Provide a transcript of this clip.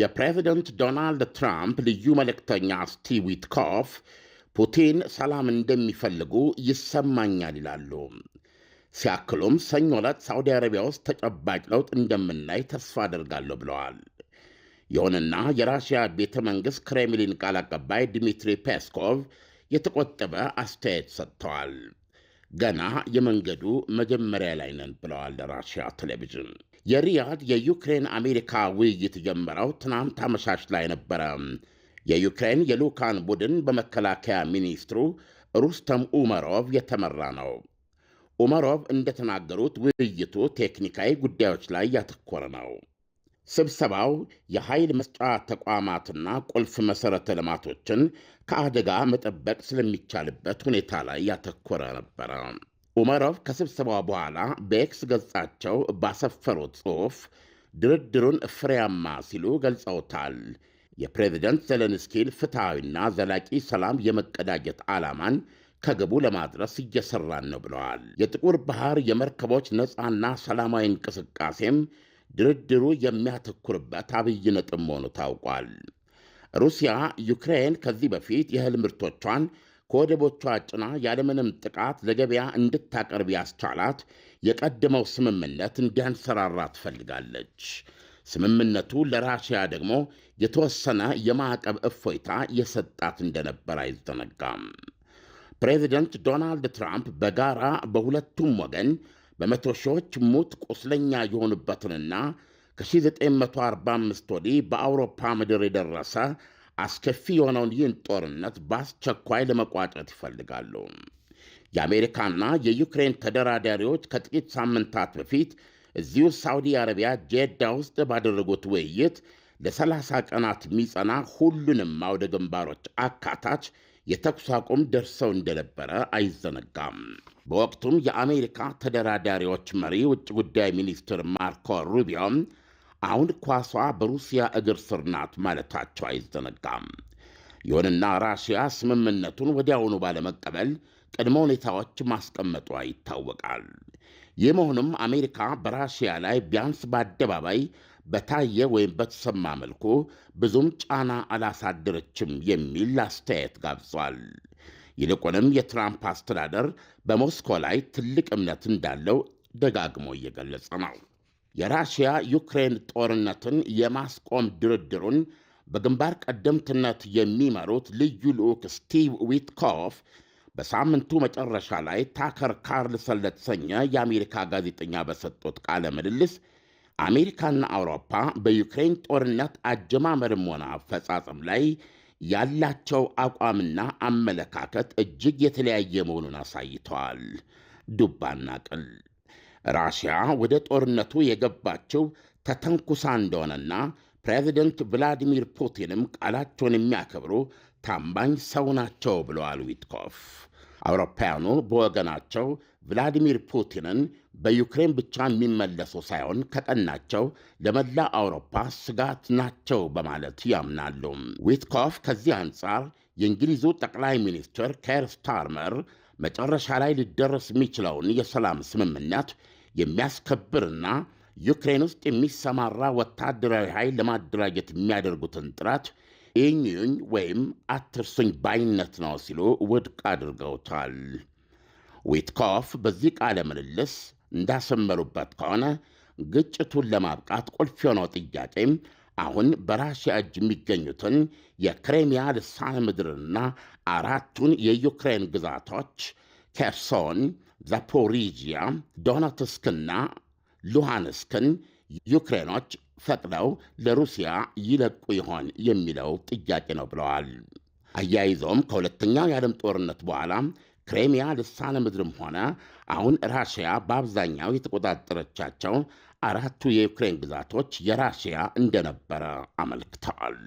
የፕሬዚደንት ዶናልድ ትራምፕ ልዩ መልእክተኛ ስቲቭ ዊትኮፍ ፑቲን ሰላም እንደሚፈልጉ ይሰማኛል ይላሉ። ሲያክሉም ሰኞ ዕለት ሳዑዲ አረቢያ ውስጥ ተጨባጭ ለውጥ እንደምናይ ተስፋ አደርጋለሁ ብለዋል። ይሁንና የራሽያ ቤተ መንግሥት ክሬምሊን ቃል አቀባይ ድሚትሪ ፔስኮቭ የተቆጠበ አስተያየት ሰጥተዋል። ገና የመንገዱ መጀመሪያ ላይ ነን ብለዋል ለራሽያ ቴሌቪዥን የሪያድ የዩክሬን አሜሪካ ውይይት ጀመረው ትናንት አመሻሽ ላይ ነበረ። የዩክሬን የልዑካን ቡድን በመከላከያ ሚኒስትሩ ሩስተም ኡመሮቭ የተመራ ነው። ኡመሮቭ እንደተናገሩት ውይይቱ ቴክኒካዊ ጉዳዮች ላይ ያተኮረ ነው። ስብሰባው የኃይል መስጫ ተቋማትና ቁልፍ መሠረተ ልማቶችን ከአደጋ መጠበቅ ስለሚቻልበት ሁኔታ ላይ ያተኮረ ነበረ። ኡመሮቭ ከስብሰባው በኋላ በኤክስ ገጻቸው ባሰፈሩት ጽሑፍ ድርድሩን ፍሬያማ ሲሉ ገልጸውታል። የፕሬዝደንት ዘለንስኪን ፍትሐዊና ዘላቂ ሰላም የመቀዳጀት ዓላማን ከግቡ ለማድረስ እየሠራን ነው ብለዋል። የጥቁር ባህር የመርከቦች ነፃና ሰላማዊ እንቅስቃሴም ድርድሩ የሚያተኩርበት አብይ ነጥብ መሆኑ ታውቋል። ሩሲያ ዩክሬን ከዚህ በፊት የእህል ምርቶቿን ከወደቦቿ ጭና ያለምንም ጥቃት ለገበያ እንድታቀርብ ያስቻላት የቀደመው ስምምነት እንዲያንሰራራ ትፈልጋለች። ስምምነቱ ለራሽያ ደግሞ የተወሰነ የማዕቀብ እፎይታ የሰጣት እንደነበር አይዘነጋም። ፕሬዚደንት ዶናልድ ትራምፕ በጋራ በሁለቱም ወገን በመቶ ሺዎች ሙት ቁስለኛ የሆኑበትንና ከ1945 ወዲህ በአውሮፓ ምድር የደረሰ አስከፊ የሆነውን ይህን ጦርነት በአስቸኳይ ለመቋጨት ይፈልጋሉ። የአሜሪካና የዩክሬን ተደራዳሪዎች ከጥቂት ሳምንታት በፊት እዚሁ ሳውዲ አረቢያ ጄዳ ውስጥ ባደረጉት ውይይት ለ ለ30 ቀናት የሚጸና ሁሉንም አውደ ግንባሮች አካታች የተኩስ አቁም ደርሰው እንደነበረ አይዘነጋም። በወቅቱም የአሜሪካ ተደራዳሪዎች መሪ ውጭ ጉዳይ ሚኒስትር ማርኮ ሩቢዮም አሁን ኳሷ በሩሲያ እግር ስር ናት ማለታቸው አይዘነጋም። ይሁንና ራሽያ ስምምነቱን ወዲያውኑ ባለመቀበል ቅድመ ሁኔታዎች ማስቀመጧ ይታወቃል። ይህ መሆኑም አሜሪካ በራሽያ ላይ ቢያንስ በአደባባይ በታየ ወይም በተሰማ መልኩ ብዙም ጫና አላሳደረችም የሚል አስተያየት ጋብጿል። ይልቁንም የትራምፕ አስተዳደር በሞስኮ ላይ ትልቅ እምነት እንዳለው ደጋግሞ እየገለጸ ነው። የራሽያ ዩክሬን ጦርነትን የማስቆም ድርድሩን በግንባር ቀደምትነት የሚመሩት ልዩ ልዑክ ስቲቭ ዊትኮፍ በሳምንቱ መጨረሻ ላይ ታከር ካርልሰን ለተሰኘ የአሜሪካ ጋዜጠኛ በሰጡት ቃለ ምልልስ አሜሪካና አውሮፓ በዩክሬን ጦርነት አጀማመርም ሆነ አፈጻጸም ላይ ያላቸው አቋምና አመለካከት እጅግ የተለያየ መሆኑን አሳይተዋል። ዱባና ቅል ራሽያ ወደ ጦርነቱ የገባችው ተተንኩሳ እንደሆነና ፕሬዚደንት ቭላዲሚር ፑቲንም ቃላቸውን የሚያከብሩ ታማኝ ሰው ናቸው ብለዋል ዊትኮፍ። አውሮፓውያኑ በወገናቸው ቭላዲሚር ፑቲንን በዩክሬን ብቻ የሚመለሱ ሳይሆን ከቀናቸው ለመላ አውሮፓ ስጋት ናቸው በማለት ያምናሉ። ዊትኮፍ ከዚህ አንጻር የእንግሊዙ ጠቅላይ ሚኒስትር ኬር ስታርመር መጨረሻ ላይ ሊደረስ የሚችለውን የሰላም ስምምነት የሚያስከብርና ዩክሬን ውስጥ የሚሰማራ ወታደራዊ ኃይል ለማደራጀት የሚያደርጉትን ጥረት እዩኝ ወይም አትርሱኝ ባይነት ነው ሲሉ ውድቅ አድርገውታል። ዊትኮፍ በዚህ ቃለ ምልልስ እንዳሰመሩበት ከሆነ ግጭቱን ለማብቃት ቁልፍ የሆነው ጥያቄም አሁን በራሽያ እጅ የሚገኙትን የክሬሚያ ልሳነ ምድርና አራቱን የዩክሬን ግዛቶች ኬርሶን፣ ዛፖሪጂያ፣ ዶነትስክና ሉሃንስክን ዩክሬኖች ፈቅደው ለሩሲያ ይለቁ ይሆን የሚለው ጥያቄ ነው ብለዋል። አያይዞም ከሁለተኛው የዓለም ጦርነት በኋላ ክሬሚያ ልሳነ ምድርም ሆነ አሁን ራሽያ በአብዛኛው የተቆጣጠረቻቸው አራቱ የዩክሬን ግዛቶች የራሽያ እንደነበረ አመልክተዋል።